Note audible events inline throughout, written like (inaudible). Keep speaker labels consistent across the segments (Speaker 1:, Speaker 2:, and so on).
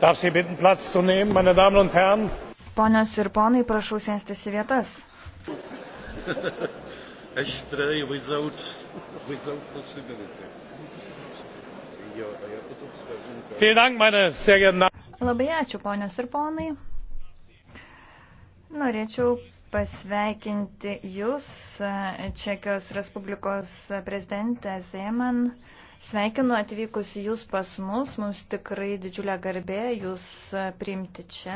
Speaker 1: darf Sie bitten, Platz zu nehmen, meine Damen und Herren. Ponios ir ponai, prašau sėstis į vietas. (laughs) without, without Labai ačiū, ponios ir ponai. Norėčiau pasveikinti Jūs, Čekijos Respublikos prezidentę Zeman. Sveikinu atvykus jūs pas mus, mums tikrai didžiulė garbė jūs e, priimti čia.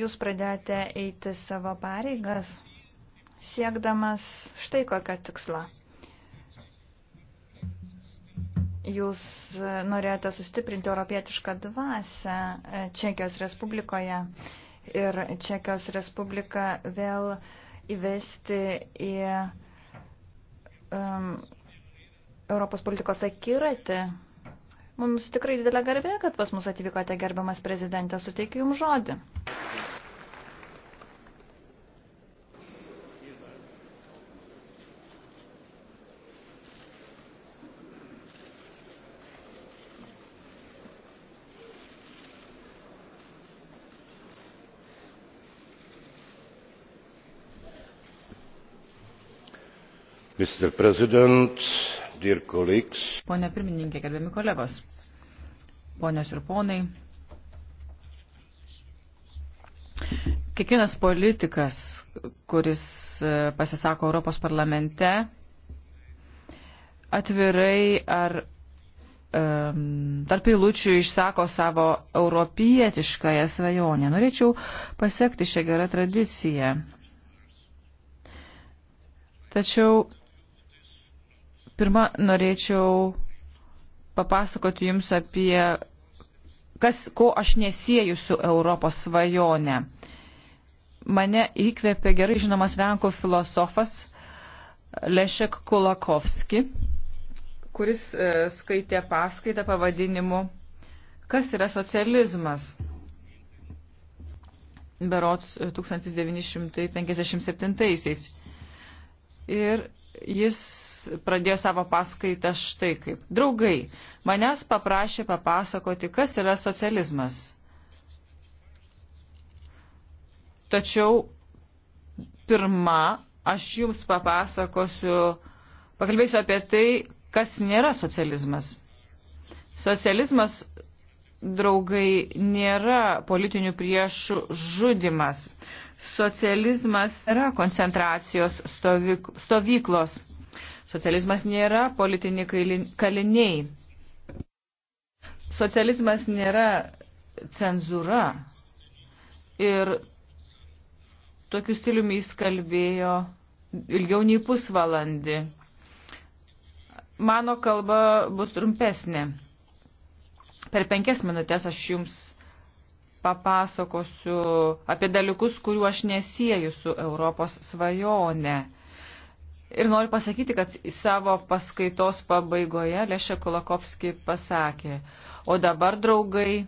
Speaker 1: Jūs pradėjote eiti savo pareigas, siekdamas štai kokią tikslą. Jūs e, norėjote sustiprinti europietišką dvasę e, Čekijos Respublikoje ir Čekijos Respublika vėl įvesti į um, Europos politikos akiratį. Mums tikrai didelė garbė, kad pas mus atvykote gerbiamas prezidentė, suteikiu Jums žodį. mr president Pone
Speaker 2: pirmininkė, gerbiami kolegos, ponios ir ponai, kiekvienas politikas, kuris e, pasisako Europos parlamente, atvirai ar tarp eilučių išsako savo europietiškąją svajonę. Norėčiau pasiekti šią gerą tradiciją. Tačiau Pirma, norėčiau papasakoti Jums apie, kas, ko aš nesieju su Europos svajonė. Mane įkvėpė gerai žinomas Lenkų filosofas Lešek Kulakovski, kuris e, skaitė paskaitą pavadinimu Kas yra socializmas? Berots 1957-aisiais. E, ir jis pradėjo savo paskaitą štai kaip. Draugai, manęs paprašė papasakoti, kas yra socializmas. Tačiau pirmą aš jums papasakosiu, pakalbėsiu apie tai, kas nėra socializmas. Socializmas, draugai, nėra politinių priešų žudimas socializmas yra koncentracijos stovik, stovyklos. Socializmas nėra politiniai kaliniai. Socializmas nėra cenzūra. Ir tokiu stiliumi jis kalbėjo ilgiau nei pusvalandį. Mano kalba bus trumpesnė. Per penkias minutės aš jums papasakosiu apie dalykus, kuriuo aš nesieju su Europos svajone. Ir noriu pasakyti, kad savo paskaitos pabaigoje Lešė Kulakovski pasakė, o dabar, draugai,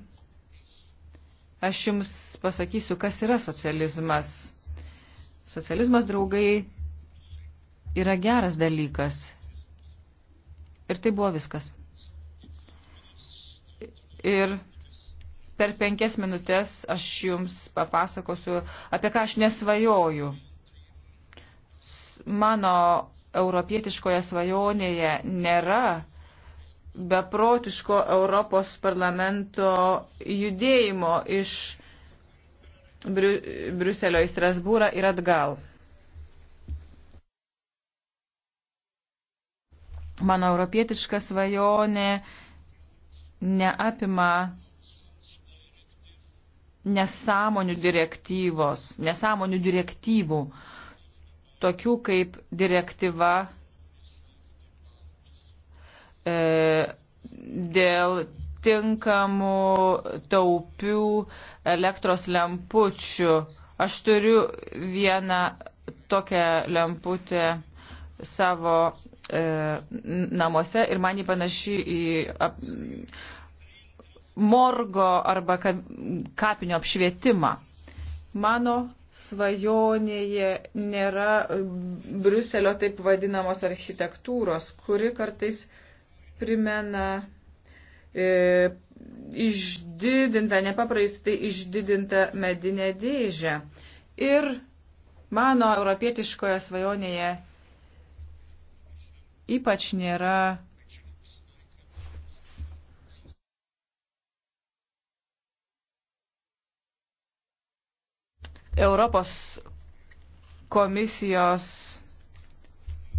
Speaker 2: aš jums pasakysiu, kas yra socializmas. Socializmas, draugai, yra geras dalykas. Ir tai buvo viskas. Ir per penkias minutės aš jums papasakosiu, apie ką aš nesvajoju. Mano europietiškoje svajonėje nėra beprotiško Europos parlamento judėjimo iš Briu Briuselio į Strasbūrą ir atgal. Mano europietiška svajonė neapima nesąmonių direktyvos, nesąmonių direktyvų, tokių kaip direktyva e, dėl tinkamų taupių elektros lempučių. Aš turiu vieną tokią lemputę savo e, namuose ir man jį panaši į ap, morgo arba kapinio apšvietimą. Mano svajonėje nėra e, Briuselio taip vadinamos architektūros, kuri kartais primena e, išdidintą, nepaprastai išdidintą medinę dėžę. Ir mano europietiškoje svajonėje ypač nėra Europos komisijos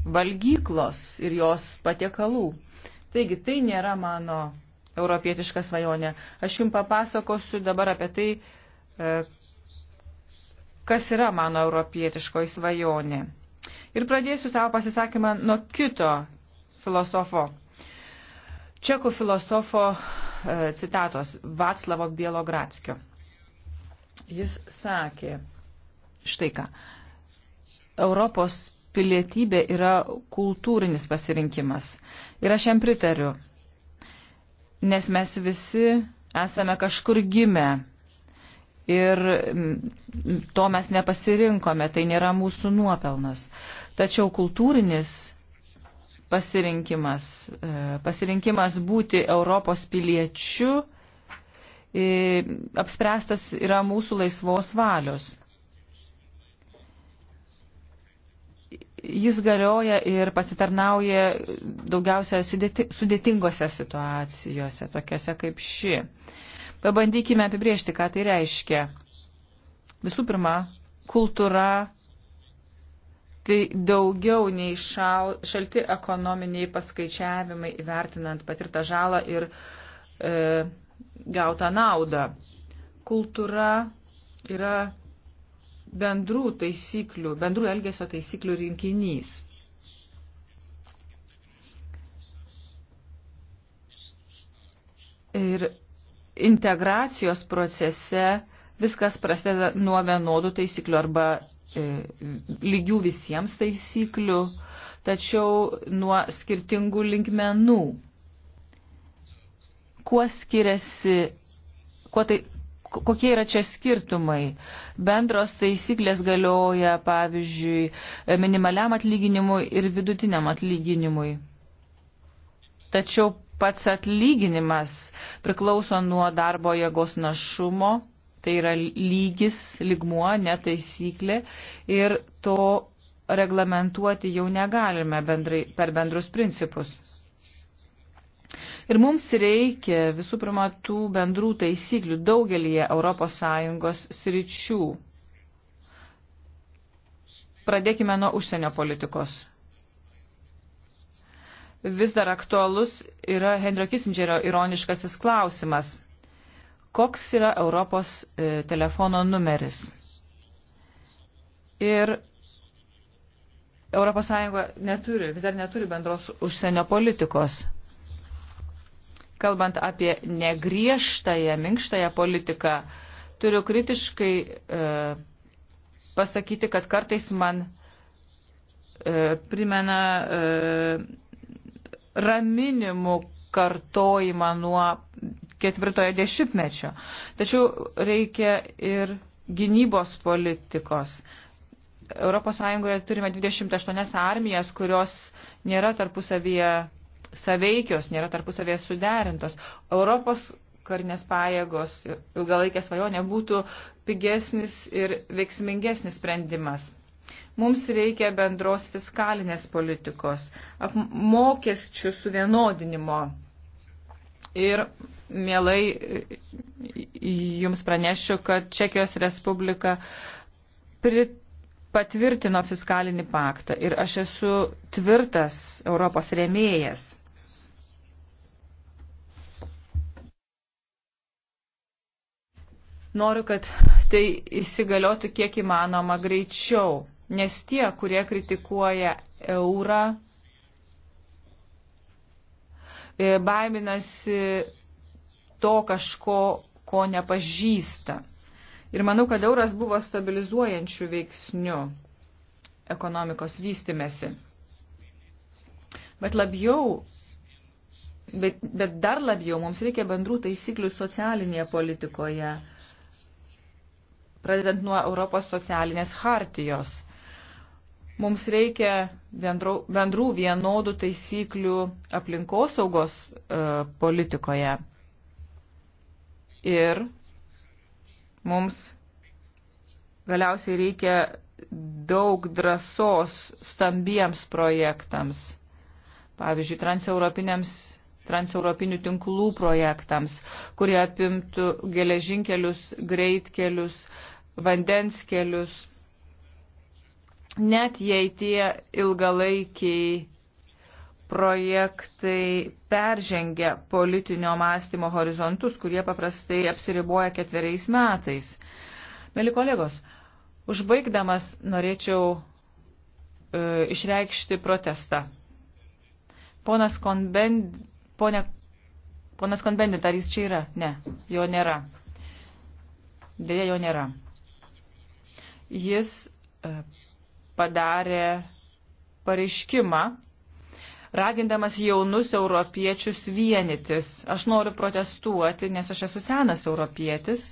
Speaker 2: valgyklos ir jos patiekalų. Taigi tai nėra mano europietiška svajonė. Aš jums papasakosiu dabar apie tai, e, kas yra mano europietiškoji svajonė. Ir pradėsiu savo pasisakymą nuo kito filosofo. Čekų filosofo e, citatos Vaclavo Bielogradskio. Jis sakė, štai ką, Europos pilietybė yra kultūrinis pasirinkimas. Ir aš jam pritariu, nes mes visi esame kažkur gimę ir to mes nepasirinkome, tai nėra mūsų nuopelnas. Tačiau kultūrinis pasirinkimas, e, pasirinkimas būti Europos piliečiu, apspręstas yra mūsų laisvos valios. Jis galioja ir pasitarnauja daugiausia sudėtingose situacijose, tokiose kaip ši. Pabandykime apibriežti, ką tai reiškia. Visų pirma, kultūra tai daugiau nei šal, šalti ekonominiai paskaičiavimai įvertinant patirtą žalą ir e, gautą naudą. Kultūra yra bendrų taisyklių, bendrų elgesio taisyklių rinkinys. Ir integracijos procese viskas prasideda nuo vienodų taisyklių arba e, lygių visiems taisyklių, tačiau nuo skirtingų linkmenų kuo skiriasi, kuo tai, kokie yra čia skirtumai. Bendros taisyklės galioja, pavyzdžiui, minimaliam atlyginimui ir vidutiniam atlyginimui. Tačiau pats atlyginimas priklauso nuo darbo jėgos našumo, tai yra lygis, ligmuo, netaisyklė ir to reglamentuoti jau negalime bendrai, per bendrus principus. Ir mums reikia visų pirma tų bendrų taisyklių daugelįje ES sričių. Pradėkime nuo užsienio politikos. Vis dar aktualus yra Henrio Kissingerio ironiškasis klausimas. Koks yra Europos e, telefono numeris? Ir ES neturi, vis dar neturi bendros užsienio politikos kalbant apie negriežtąją, minkštąją politiką, turiu kritiškai e, pasakyti, kad kartais man e, primena e, raminimų kartojimą nuo ketvirtojo dešimtmečio. Tačiau reikia ir gynybos politikos. ES turime 28 armijas, kurios nėra tarpusavyje saveikios, nėra tarpusavės suderintos. Europos karinės pajėgos ilgalaikė svajonė būtų pigesnis ir veiksmingesnis sprendimas. Mums reikia bendros fiskalinės politikos, mokesčių suvienodinimo. Ir mielai e, jums pranešiu, kad Čekijos Respublika prit patvirtino fiskalinį paktą ir aš esu tvirtas Europos rėmėjas. Noriu, kad tai įsigaliotų kiek įmanoma greičiau, nes tie, kurie kritikuoja eurą, e, baiminasi to kažko, ko nepažįsta. Ir manau, kad euras buvo stabilizuojančių veiksnių ekonomikos vystimėsi. Bet labiau, bet, bet dar labiau mums reikia bendrų taisyklių socialinėje politikoje pradedant nuo Europos socialinės hartijos. Mums reikia bendrų, bendrų vienodų taisyklių aplinkosaugos e, politikoje. Ir mums galiausiai reikia daug drąsos stambiems projektams, pavyzdžiui, transeuropiniams transeuropinių tinklų projektams, kurie apimtų geležinkelius, greitkelius, vandenskelius. Net jei tie ilgalaikiai projektai peržengia politinio mąstymo horizontus, kurie paprastai apsiriboja ketveriais metais. Mėly kolegos, užbaigdamas norėčiau e, išreikšti protestą. Ponas Konbendis Pone, ponas Konbendit, ar jis čia yra? Ne, jo nėra. Dėja, jo nėra. Jis e, padarė pareiškimą, ragindamas jaunus europiečius vienytis. Aš noriu protestuoti, nes aš esu senas europietis.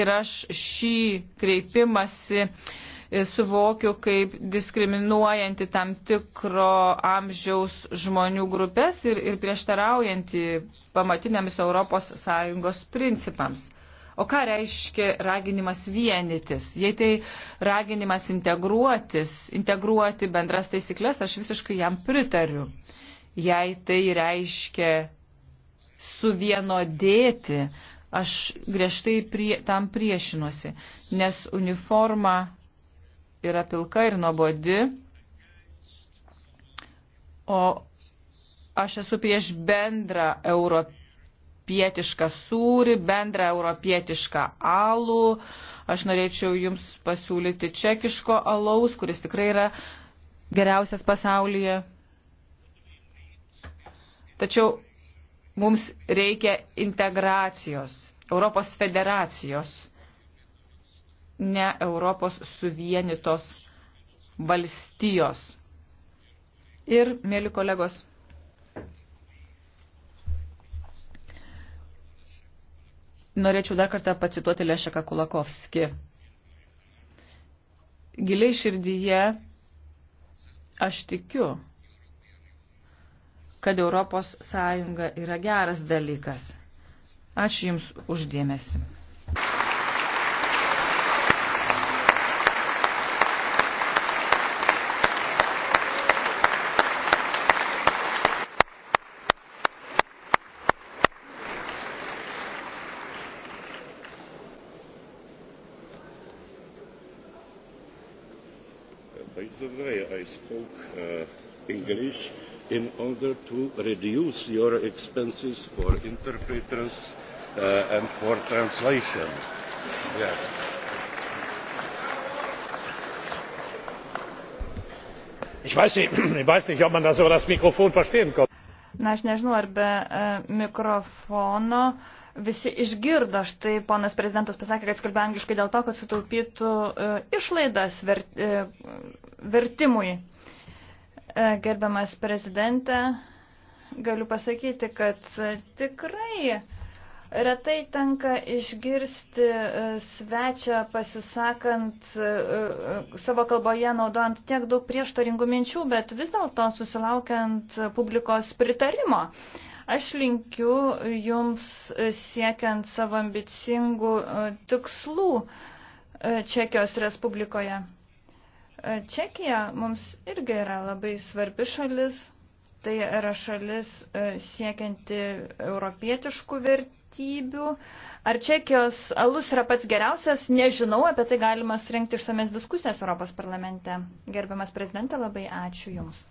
Speaker 2: Ir aš šį kreipimąsi uh, E, suvokiu kaip diskriminuojanti tam tikro amžiaus žmonių grupės ir, ir prieštaraujanti pamatiniams ES principams. O ką reiškia raginimas vienytis? Jei tai raginimas integruotis, integruoti bendras taisyklės, aš visiškai jam pritariu. Jei tai reiškia suvienodėti, aš griežtai prie, tam priešinuosi, nes uniforma yra pilka ir nuobodi, o aš esu prieš bendrą europietišką sūrį, bendrą europietišką alų. Aš norėčiau jums pasiūlyti čekiško alaus, kuris tikrai yra geriausias pasaulyje. Tačiau mums reikia integracijos, Europos federacijos ne Europos suvienytos valstijos. Ir, mėly kolegos, norėčiau dar kartą pacituoti Lešeką Kulakovskį. Giliai širdyje aš tikiu, kad Europos Sąjunga yra geras dalykas. Ačiū Jums uždėmesi.
Speaker 1: It's the way I spoke uh, English in order to reduce your expenses for interpreters uh, and for translation. Yes. Ich weiß, nicht, (clears throat) ich weiß nicht, ob man das über das Mikrofon verstehen konnte. Na, aš nežinau, ar be e, mikrofono visi išgirdo. Štai ponas prezidentas pasakė, kad skalbė angliškai dėl to, kad sutaupytų e, išlaidas ver, e, vertimui. E, gerbiamas prezidente, galiu pasakyti, kad tikrai retai tenka išgirsti e, svečią pasisakant e, savo kalboje, naudojant tiek daug prieštaringų minčių, bet vis dėlto susilaukiant publikos pritarimo. Aš linkiu jums siekiant savo ambicingų tikslų Čekijos Respublikoje. Čekija mums irgi yra labai svarbi šalis. Tai yra šalis e, siekianti europietiškų vertybių. Ar Čekijos alus yra pats geriausias, nežinau, apie tai galima surinkti išsames diskusijas Europos parlamente. Gerbiamas prezidentė, labai ačiū Jums.